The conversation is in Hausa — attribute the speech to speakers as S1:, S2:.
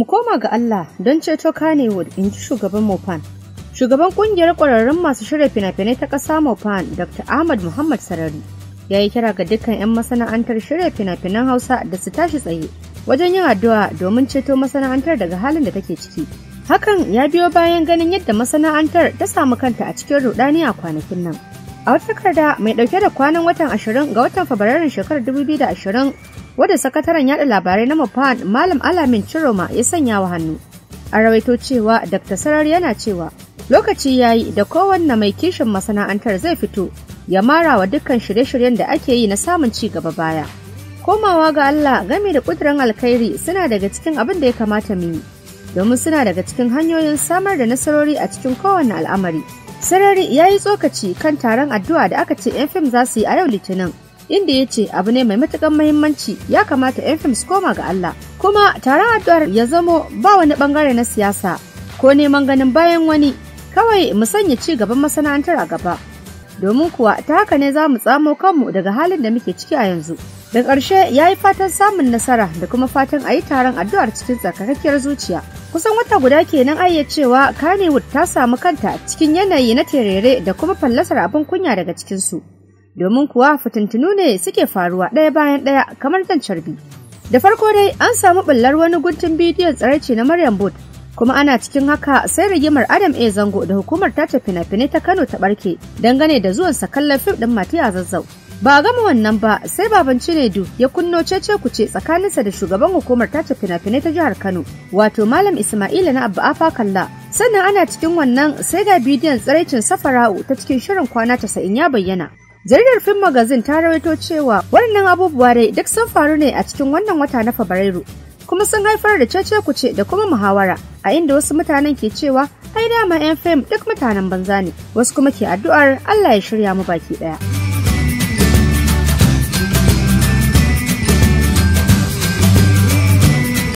S1: Mu koma ga Allah don ceto Kannywood in ji shugaban Mopan. Shugaban kungiyar ƙwararrun masu shirya fina-finai ta ƙasa Mopan Dr. Ahmad Muhammad Sarari ya yi kira ga dukkan 'yan masana'antar shirya fina-finan Hausa da su tashi tsaye wajen yin addu'a domin ceto masana'antar daga halin da take ciki. Hakan ya biyo bayan ganin yadda masana'antar ta samu kanta a cikin rudani a kwanakin nan. A wata takarda mai ɗauke da kwanan watan ashirin ga watan Fabrairun shekarar 2020 wadda sakataren yada labarai na mafan Malam Alamin ciroma ya sanya wa hannu. A rawaito cewa Dr. Sarar yana cewa lokaci ya yi da kowanne mai kishin masana'antar zai fito ya mara wa dukkan shirye-shiryen da ake yi na samun ci gaba baya. Komawa ga Allah game da ƙudurin alkhairi suna daga cikin abin da ya kamata mu yi, domin suna daga cikin hanyoyin samar da nasarori a cikin kowane al'amari. Sarari ya yi tsokaci kan taron addu'a da aka ce 'yan fim za su yi a yau Litinin. inda ya ce abu ne mai matukan mahimmanci ya kamata 'yan fim su koma ga Allah kuma taron addu'ar ya zamo ba wani bangare na siyasa ko neman ganin bayan wani kawai mu sanya ci gaban masana'antar a gaba domin kuwa ta haka ne za mu tsamo kanmu daga halin da muke ciki a yanzu da ƙarshe ya yi fatan samun nasara da kuma fatan a yi taron addu'ar cikin tsakakkiyar zuciya kusan wata guda kenan ayya cewa kanewood ta samu kanta cikin yanayi na terere da kuma fallasar abin kunya daga cikinsu domin kuwa fitintunu ne suke faruwa ɗaya bayan ɗaya kamar zan carbi. Da farko dai an samu ɓullar wani guntun bidiyon tsiraici na Maryam Bud, kuma ana cikin haka sai rigimar Adam A Zango da hukumar tace fina-finai ta Kano ta barke dangane da zuwan sa kallon fim ɗin Matiya Zazzau. Ba a gama wannan ba sai baban Cinedu ya kunno cece kuce tsakaninsa da shugaban hukumar tace fina-finai ta jihar Kano wato Malam Ismaila na Abba Afa Kalla sannan ana cikin wannan sai ga bidiyon tsiraicin safara'u ta cikin shirin kwana casa'in ya bayyana jaridar film magazine ta rawaito cewa waɗannan abubuwa dai duk sun faru ne a cikin wannan wata na fabrairu kuma sun haifar da cece kuce da kuma muhawara a inda wasu mutanen ke cewa ai dama yan fim duk mutanen banza ne wasu kuma ke addu'ar allah ya shirya mu baki ɗaya.